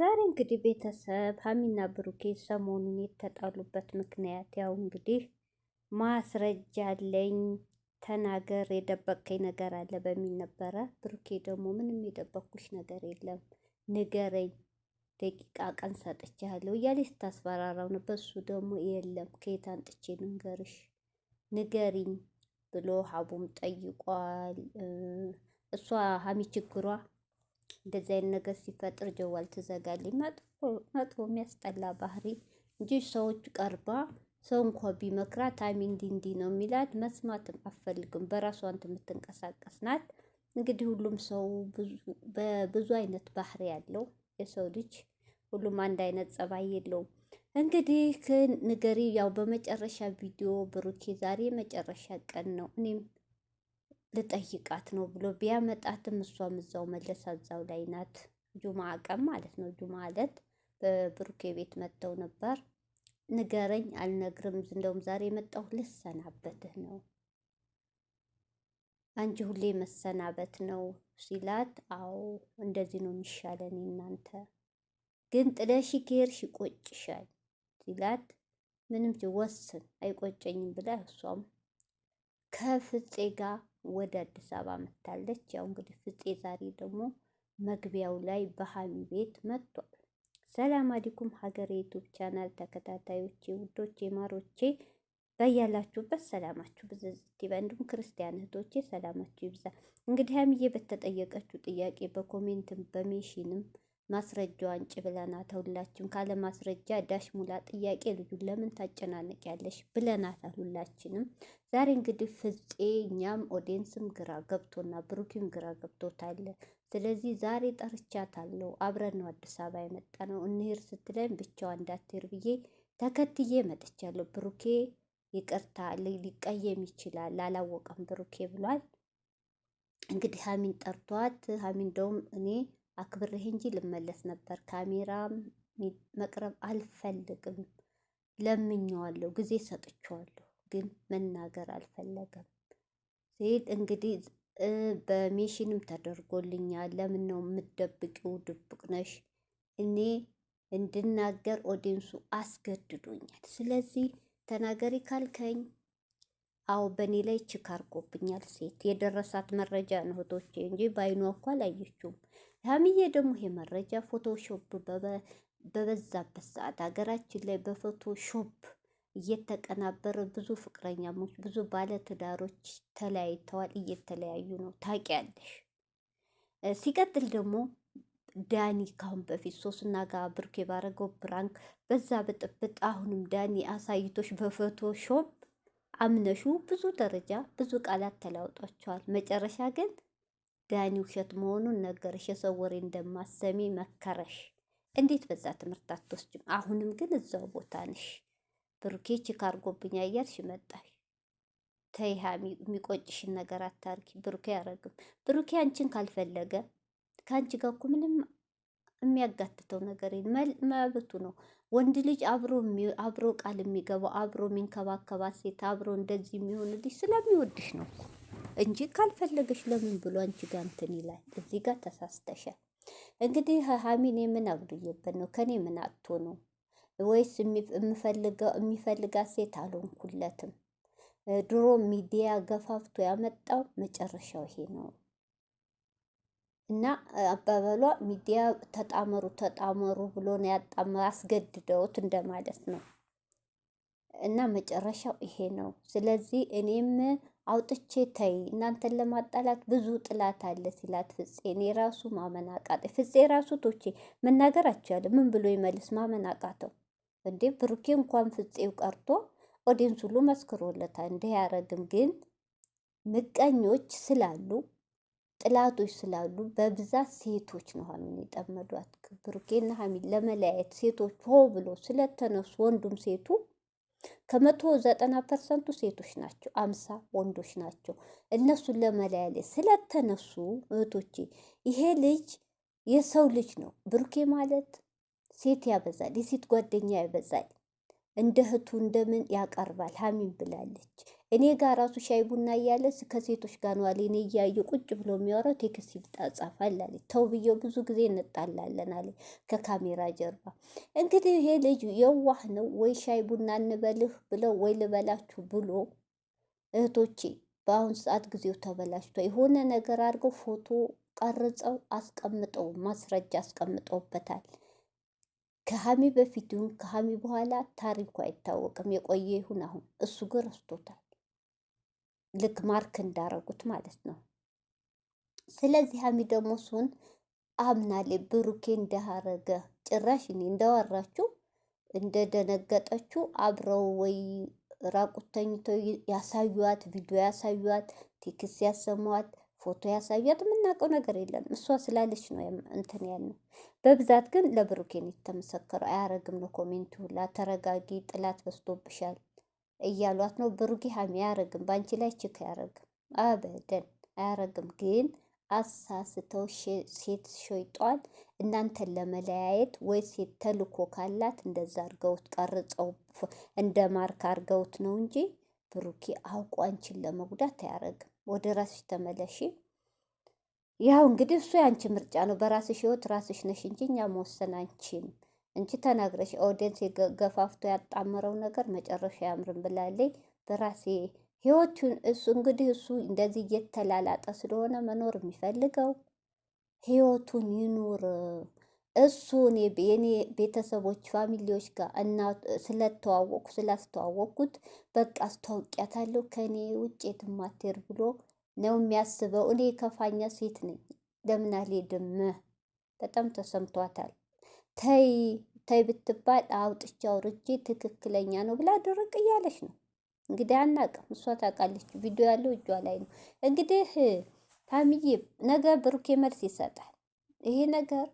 ዛሬ እንግዲህ ቤተሰብ ሀሚና ብሩኬ ሰሞኑን የተጣሉበት ምክንያት ያው እንግዲህ ማስረጃ አለኝ ተናገር፣ የደበቀኝ ነገር አለ በሚል ነበረ። ብሩኬ ደግሞ ምንም የደበኩሽ ነገር የለም ንገረኝ፣ ደቂቃ ቀን ሰጥቻለሁ እያለች ስታስፈራራው ነበር። እሱ ደግሞ የለም ከየት አንጥቼ ንንገርሽ ንገሪኝ ብሎ ሀቡም ጠይቋል። እሷ ሀሚ ችግሯ እንደዚህ አይነት ነገር ሲፈጥር ጀዋል ትዘጋልኝ። መጥፎ የሚያስጠላ ባህሪ እንጂ ሰዎች ቀርባ ሰው እንኳ ቢመክራት አሚ እንዲ እንዲህ ነው የሚላት መስማትም አፈልግም። በራሷን የምትንቀሳቀስ ናት። እንግዲህ ሁሉም ሰው በብዙ አይነት ባህሪ ያለው የሰው ልጅ ሁሉም አንድ አይነት ጸባይ የለውም። እንግዲህ ንገሪ ያው በመጨረሻ ቪዲዮ ብሩኬ ዛሬ መጨረሻ ቀን ነው እኔም ልጠይቃት ነው ብሎ ቢያመጣትም እሷም እዛው መለሳ እዛው ላይ ናት። ጁማ ቀን ማለት ነው። ጁማ ዕለት በብሩኬ ቤት መጥተው ነበር። ንገረኝ አልነግርም፣ እንደውም ዛሬ የመጣሁ ልሰናበትህ ነው አንቺ ሁሌ መሰናበት ነው ሲላት፣ አዎ እንደዚህ ነው የሚሻለን፣ እናንተ ግን ጥለሽ ከሄድሽ ይቆጭሻል ሲላት፣ ምንም ሲወስን አይቆጨኝም ብላ እሷም ከፍፄ ጋር ወደ አዲስ አበባ መታለች። ያው እንግዲህ ፍፄ ዛሬ ደግሞ መግቢያው ላይ በሀሚ ቤት መጥቷል። ሰላም አሊኩም ሀገሬ ዩቱብ ቻናል ተከታታዮቼ፣ ውዶቼ፣ ማሮቼ በያላችሁበት ሰላማችሁ ብዝዝት ይበል። እንዲሁም ክርስቲያን እህቶቼ ሰላማችሁ ይብዛ። እንግዲህ ሀሚዬ በተጠየቀችው ጥያቄ በኮሜንትም በሜሽንም ማስረጃው አንጭ ብለናት ሁላችን። ካለ ማስረጃ ዳሽ ሙላ ጥያቄ ልጁ ለምን ታጨናነቅ ያለሽ ብለናት ሁላችንም። ዛሬ እንግዲህ ፍፄ እኛም ኦዲየንስም ግራ ገብቶና ብሩኪም ግራ ገብቶታል። ስለዚህ ዛሬ ጠርቻታለሁ። አብረን ነው አዲስ አበባ የመጣ ነው። እንሄድ ስትለኝ ብቻዋ እንዳትሄድ ብዬ ተከትዬ መጥቻለሁ። ብሩኬ ይቅርታ ሊቀየም ይችላል አላወቀም ብሩኬ ብሏል። እንግዲህ ሀሚን ጠርቷት ሀሚን እንደውም እኔ አክብሬህ እንጂ ልመለስ ነበር። ካሜራ መቅረብ አልፈልግም። ለምኜዋለሁ፣ ጊዜ ሰጥቼዋለሁ፣ ግን መናገር አልፈለገም ሲል እንግዲህ በሜሽንም ተደርጎልኛል። ለምን ነው የምትደብቂው? ድብቅ ነሽ። እኔ እንድናገር ኦዲንሱ አስገድዶኛል። ስለዚህ ተናገሪ ካልከኝ አዎ በእኔ ላይ ሴት የደረሳት መረጃ ነው እህቶቼ እንጂ በአይኗ እኮ አላየችውም። ሀሚዬ ደግሞ ይሄ መረጃ ፎቶሾፕ በበዛበት ሰዓት ሀገራችን ላይ በፎቶሾፕ እየተቀናበረ ብዙ ፍቅረኛሞች ብዙ ባለትዳሮች ተለያይተዋል፣ እየተለያዩ ነው። ታውቂያለሽ። ሲቀጥል ደግሞ ዳኒ ካሁን በፊት ሶስና ጋር ብርኬ ባረገው ብራንክ በዛ ብጥብጥ አሁንም ዳኒ አሳይቶች በፎቶሾፕ አምነሹ ብዙ ደረጃ ብዙ ቃላት ተለውጧቸዋል። መጨረሻ ግን ዳኒ ውሸት መሆኑን ነገርሽ፣ የሰው ወሬ እንደማሰሚ መከረሽ። እንዴት በዛ ትምህርት አትወስጅም? አሁንም ግን እዛው ቦታ ነሽ። ብሩኬ ችክ አርጎብኝ አያልሽ መጣሽ። ተይሃ የሚቆጭሽን ነገር አታርጊ። ብሩኬ አያረግም። ብሩኬ አንቺን ካልፈለገ ከአንቺ ጋር እኮ ምንም የሚያጋትተው ነገር መብቱ ነው። ወንድ ልጅ አብሮ ቃል የሚገባው አብሮ የሚንከባከባት ሴት አብሮ እንደዚህ የሚሆን ልጅ ስለሚወድሽ ነው። እንጂ ካልፈለገሽ ለምን ብሎ አንቺ ጋር እንትን ይላል። እዚህ ጋር ተሳስተሻል። እንግዲህ ሀሚን የምን አጉድዬበት ነው? ከኔ ምን አቶ ነው? ወይስ የሚፈልጋት ሴት አልሆንኩለትም? ድሮ ሚዲያ ገፋፍቶ ያመጣው መጨረሻው ይሄ ነው እና አባበሏ ሚዲያ ተጣመሩ ተጣመሩ ብሎ ነው ያጣመ አስገድደውት እንደማለት ነው እና መጨረሻው ይሄ ነው። ስለዚህ እኔም አውጥቼ ተይ እናንተን ለማጣላት ብዙ ጥላት አለ ሲላት ፍፄን ራሱ ማመን አቃተ። ፍፄ ራሱ ቶቼ መናገር አችላለሁ ምን ብሎ ይመልስ ማመን አቃተው። እንዴ ብሩኬ እንኳን ፍፄው ቀርቶ ኦዲንስ ሁሉ መስክሮለታል። እንዲህ ያረግም ግን ምቀኞች ስላሉ ጥላቶች ስላሉ በብዛት ሴቶች ነው ሀሚን የጠመዷት። ብሩኬና ሀሚን ለመለያየት ሴቶች ሆ ብሎ ስለተነሱ ወንዱም ሴቱ ከመቶ ዘጠና ፐርሰንቱ ሴቶች ናቸው፣ አምሳ ወንዶች ናቸው። እነሱን ለመለያየት ስለተነሱ እህቶቼ ይሄ ልጅ የሰው ልጅ ነው። ብሩኬ ማለት ሴት ያበዛል፣ የሴት ጓደኛ ያበዛል። እንደ እህቱ እንደምን ያቀርባል። ሀሚን ብላለች። እኔ ጋር ራሱ ሻይ ቡና እያለ ከሴቶች ጋር ነው አለ። እኔ እያየሁ ቁጭ ብሎ የሚያወራው ቴክስት ይጣጻፋል አለ። ተው ብዬው ብዙ ጊዜ እንጣላለን አለ ከካሜራ ጀርባ። እንግዲህ ይሄ ልጅ የዋህ ነው ወይ ሻይ ቡና እንበልህ ብለው ወይ ልበላችሁ ብሎ እህቶቼ፣ በአሁን ሰዓት ጊዜው ተበላሽቷል። የሆነ ነገር አድርገው ፎቶ ቀርጸው አስቀምጠው ማስረጃ አስቀምጠውበታል። ከሀሚ በፊት ይሁን ከሀሚ በኋላ ታሪኩ አይታወቅም። የቆየ ይሁን አሁን እሱ ግን ረስቶታል። ልክ ማርክ እንዳረጉት ማለት ነው። ስለዚህ ሀሚ ደግሞ እሱን አምናሌ ብሩኬ እንዳረገ ጭራሽ እኔ እንዳወራችሁ እንደደነገጠችው አብረው ወይ ራቁት ተኝተው ያሳዩዋት ቪዲዮ ያሳዩዋት ቴክስት ያሰማዋት ፎቶ ያሳዩዋት የምናውቀው ነገር የለም። እሷ ስላለች ነው እንትን ያልነው። በብዛት ግን ለብሩኬን የተመሰከረው አያረግም ነው ኮሜንቱ ሁላ። ተረጋጊ፣ ጥላት በስቶብሻል እያሏት ነው። ብሩጊሃም ያረግም በአንቺ ላይ ችክ አያረግም፣ አበደን አያረግም። ግን አሳስተው ሴት ሸይጧን እናንተን ለመለያየት ወይ ሴት ተልኮ ካላት እንደዛ አርገውት ቀርጸው እንደ ማርክ አርገውት ነው እንጂ ብሩኪ አውቆ አንቺን ለመጉዳት አያረግም። ወደ ራስሽ ተመለሺ። ያው እንግዲህ እሱ የአንቺ ምርጫ ነው። በራስሽ ህይወት ራስሽ ነሽ እንጂ እኛ መወሰን አንቺም እንቺ ተናግረሽ ኦዲየንስ ገፋፍቶ ያጣመረው ነገር መጨረሻ ያምርም ብላለይ በራሴ ህይወቱን እሱ እንግዲህ እሱ እንደዚህ እየተላላጠ ስለሆነ መኖር የሚፈልገው ህይወቱን ይኑር። እሱ የኔ ቤተሰቦች ፋሚሊዎች ጋር እና ስለተዋወቅኩ ስላስተዋወቅኩት በቃ አስተዋውቂያታለሁ ከእኔ ውጭ የትማቴር ብሎ ነው የሚያስበው። እኔ ከፋኛ ሴት ነኝ ለምን አልሄድም? በጣም ተሰምቷታል። ተይ ተይ ብትባል አውጥቼ አውርቼ ትክክለኛ ነው ብላ ድርቅ እያለች ነው። እንግዲህ አናውቅም፣ እሷ ታውቃለች። ቪዲዮ ያለው እጇ ላይ ነው። እንግዲህ ታምዬ ነገ ብሩኬ መልስ ይሰጣል። ይሄ ነገር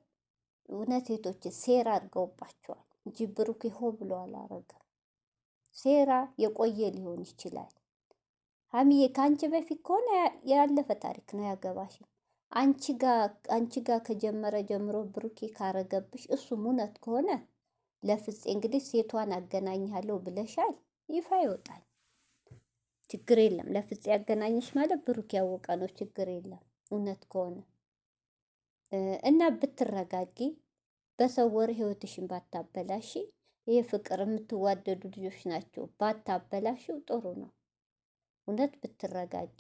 እውነት ሴቶች ሴራ አድርገውባቸዋል እንጂ ብሩኬ ሆ ብሎ አላረገም። ሴራ የቆየ ሊሆን ይችላል። ሀሚዬ ከአንቺ በፊት ከሆነ ያለፈ ታሪክ ነው ያገባሽም አንቺ ጋር አንቺ ከጀመረ ጀምሮ ብሩኬ ካረገብሽ እሱም እውነት ከሆነ ለፍፄ እንግዲህ ሴቷን አገናኝሃለሁ ብለሻል፣ ይፋ ይወጣል። ችግር የለም። ለፍፄ ያገናኝሽ ማለት ብሩኬ ያወቀ ነው። ችግር የለም እውነት ከሆነ እና ብትረጋጊ፣ በሰው ወር ህይወትሽን ባታበላሽ። ይህ ፍቅር የምትዋደዱ ልጆች ናቸው፣ ባታበላሽው ጥሩ ነው። እውነት ብትረጋጊ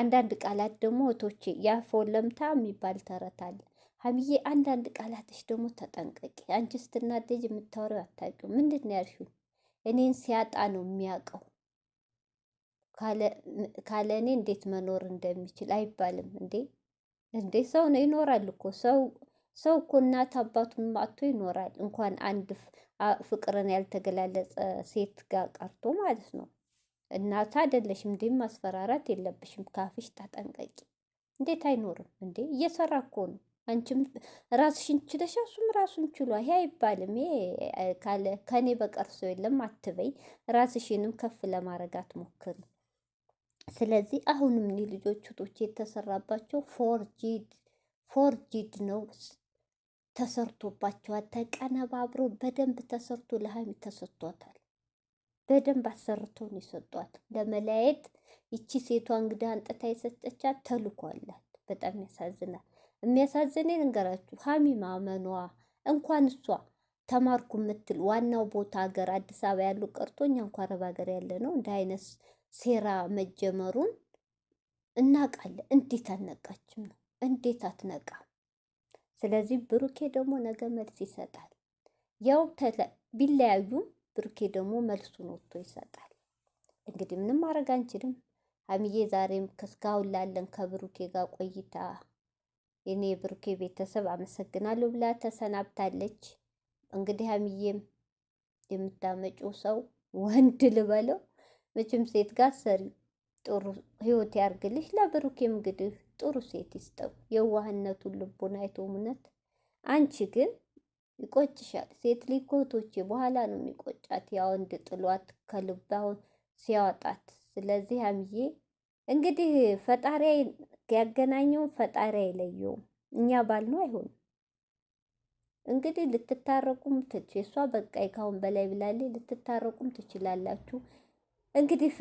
አንዳንድ ቃላት ደግሞ እቶቼ ያፎ ለምታ የሚባል ተረት አለ። ሀሚዬ አንዳንድ ቃላትሽ ደግሞ ተጠንቀቂ። አንቺ ስትናደጅ የምታወሪው አታውቂው። ምንድን ነው ያልሽው? እኔን ሲያጣ ነው የሚያውቀው። ካለ እኔ እንዴት መኖር እንደሚችል አይባልም እንዴ? እንዴ ሰው ነው ይኖራል እኮ ሰው ሰው እኮ እናት አባቱን አጥቶ ይኖራል። እንኳን አንድ ፍቅርን ያልተገላለጸ ሴት ጋር ቀርቶ ማለት ነው። እናት አይደለሽም እንዴ? ማስፈራራት የለብሽም ካፍሽ ታጠንቀቂ። እንዴት አይኖርም እንዴ? እየሰራ እኮ ነው። አንቺም ራስሽን ችለሽ እሱም ራሱን ችሏ። ይሄ አይባልም ካለ ከኔ በቀር ሰው የለም አትበይ። ራስሽንም ከፍ ለማድረግ አትሞክሪ። ስለዚህ አሁንም እኒ ልጆች ቶች የተሰራባቸው ፎርጂድ ፎርጂድ ነው ተሰርቶባቸዋል። ተቀነባብሮ በደንብ ተሰርቶ ለሀይሚ ተሰጥቷታል። በደንብ አሰርተው ነው የሰጧት። ለመለያየት ይቺ ሴቷ እንግዳ አንጥታ የሰጠቻት ተልኳላት። በጣም ያሳዝናል። የሚያሳዝን ልንገራችሁ፣ ሀሚ ማመኗ እንኳን እሷ ተማርኩ የምትል ዋናው ቦታ ሀገር አዲስ አበባ ያሉ ቀርቶ እኛ እንኳ አረብ ሀገር ያለ ነው እንደ አይነት ሴራ መጀመሩን እናውቃለን። እንዴት አነቃችም ነው? እንዴት አትነቃ? ስለዚህ ብሩኬ ደግሞ ነገ መልስ ይሰጣል። ያው ቢለያዩም ብሩኬ ደግሞ መልሱን ወጥቶ ይሰጣል። እንግዲህ ምንም ማድረግ አንችልም። ሀሚዬ ዛሬም ከእስካሁን ላለን ከብሩኬ ጋር ቆይታ የኔ የብሩኬ ቤተሰብ አመሰግናለሁ ብላ ተሰናብታለች። እንግዲህ ሀሚዬም የምታመጪው ሰው ወንድ ልበለው መቼም ሴት ጋር ሰሪ ጥሩ ህይወት ያርግልሽ። ለብሩኬም እንግዲህ ጥሩ ሴት ይስጠው። የዋህነቱን ልቦና አይቶ እውነት አንቺ ግን ይቆጭሻል። ሴት ሊኮቶች በኋላ ነው የሚቆጫት፣ ያው እንድ ጥሏት ከልባውን ሲያወጣት። ስለዚህ አምዬ እንግዲህ ፈጣሪ ያገናኘውን ፈጣሪ አይለየውም። እኛ ባልነው አይሆንም። እንግዲህ ልትታረቁም ትች እሷ በቃ ካሁን በላይ ብላለች። ልትታረቁም ትችላላችሁ እንግዲህ